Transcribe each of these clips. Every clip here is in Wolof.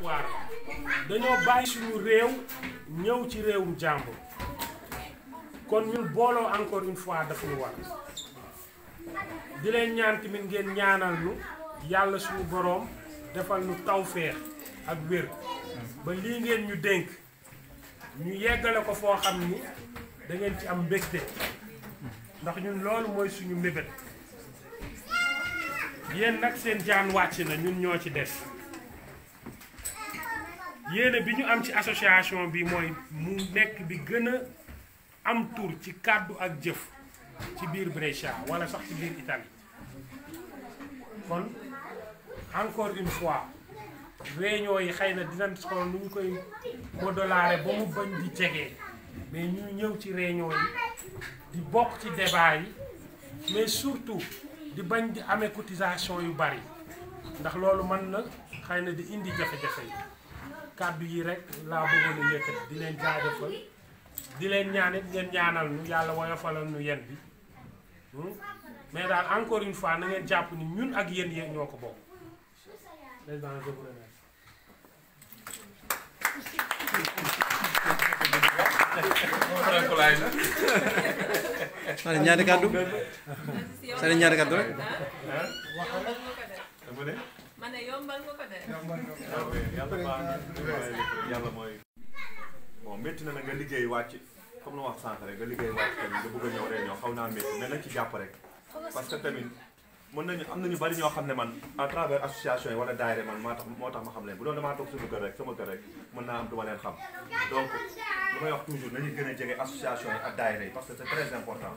waar dañoo bàyyi suñu réew ñëw ci réewum jàmbur kon ñun booloo encore une fois dafa ñu war di leen ñaan tamit ngeen ñaanal ñu yàlla suñu boroom defal ñu tawféex ak wér ba lii ngeen ñu dénk ñu yeggale ko foo xam ni da ngeen ci am mbégte ndax ñun loolu mooy suñu mébét yéen nag seen jaan wàcc na ñun ñoo ci des yéene bi ñu am ci association bi mooy mu nekk bi gën a am tour ci kàddu ak jëf ci biir brecha wala sax ci biir Italie kon encore une fois réunion yi xëy na dinañ xool nu ñu koy modolaare ba mu bañ di jege mais ñu ñëw ci réunion yi di bokk ci débat yi mais surtout di bañ di amee cotisation yu bari ndax loolu mën na xëy na di indi jafe-jafe yi kaddu yi rek laa bëggoon a yëkkat di leen jaajëfal di leen ñaan it ngeen ñaanal nu yàlla woyofalal nu yen bi hmm? mais daal encore une fois na ngeen jàpp ni ñun ak yéen yéen ñoo ko bokk président je vous remercie. ma ne ñaari kàddu. ma ne ñaari kàddu rek. ma ne yombal nga ko de. yombal nga ko de yàlla baax na yàlla mooy. bon métti na nag nga liggéey wàcc comme lu wax sànq rek nga liggéey wàcc tamit nga bëgg a ñëw rek ñëw xaw naa métti mais nañ ci jàpp rek. parce que tamit mën nañu am nañu bari ñoo xam ne man à travers association yi wala daayira man maa tax moo tax ma xam leen bu doon damaa toog suñu kër rek sama kër rek mën naa am du ma leen xam donc li may wax toujours nañu gën a jege association yi ak daayira yi parce que c'est très important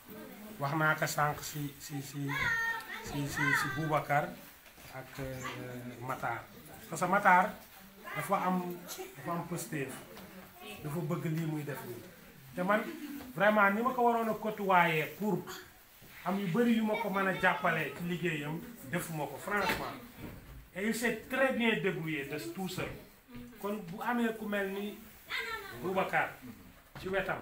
waxna ka sank si si si si si si Boubacar ak euh, Matar parce que Matar dafa am dafa am positif dafa bëgg li muy def ni té man vraiment ni ma ko waroon pour am yu bari yu mako mëna jappalé ci ligéyam def mako franchement et il s'est très bien débrouillé de tout seul kon bu amé ku melni Boubacar ci wetam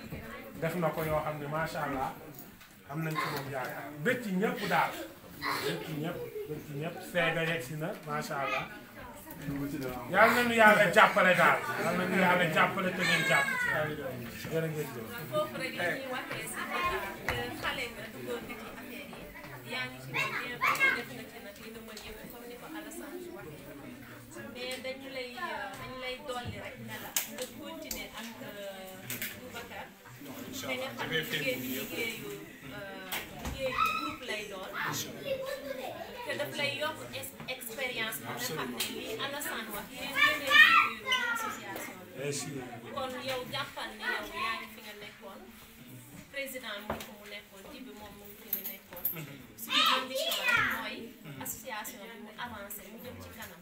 def na ko ñoo xam ne macha allah am nañ ci moom yaakaar bëcc ñëpp daal bëcc ñëpp bëcc ñëpp seega yegg si na macha allah yàlla nañu yàlla jàppale daal yàlla nañu yàlla jàppale te ngeen jàpp jërë ngeen jëf incha allah dafay feeñ bu yëpp liggéeyu groupe lay doon. te daf lay yokk expérience. ba nga xam ne lii Alassane wax yéen association bi. kon yow jàppal ne yow yaa ngi fi nga nekkoon président mu ngi ko mu nekkoon ji bi moom mu ngi fi nga nekkoon. Mm-hmm. suñu ambition mooy. association bi mu avancé mu jëm ci kanam.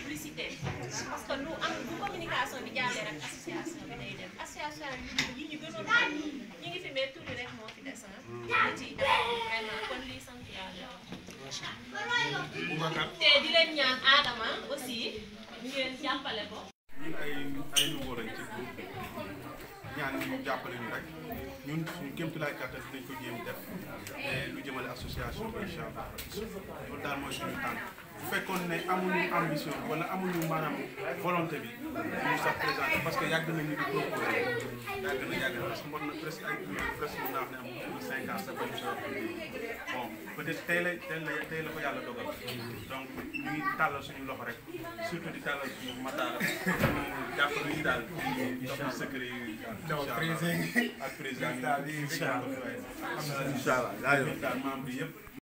publicité parce que lu am association hmm. te di leen ñaan Adama aussi ngeen jàppale ko. ñun ay ñu jàppale ñu rek ñun suñu kéemtulaay kàttan dinañ ko jéem def lu jëmale association bi incha allah loolu daal mooy suñu tànk. bu fekkoon ne amuñu ambition wala amuñu maanaam volonté bi ñu sax présenté parce que yàgg nañu di proposé yàgg na yàgg na parce que mot na presque ay presque mën naa ne am na cinq ans tey la tey la ko yàlla dogal donc ñu ngi tàllal suñu loxo rek surtout di tàllal suñu mataala jàppale ñu daal di jox bi incha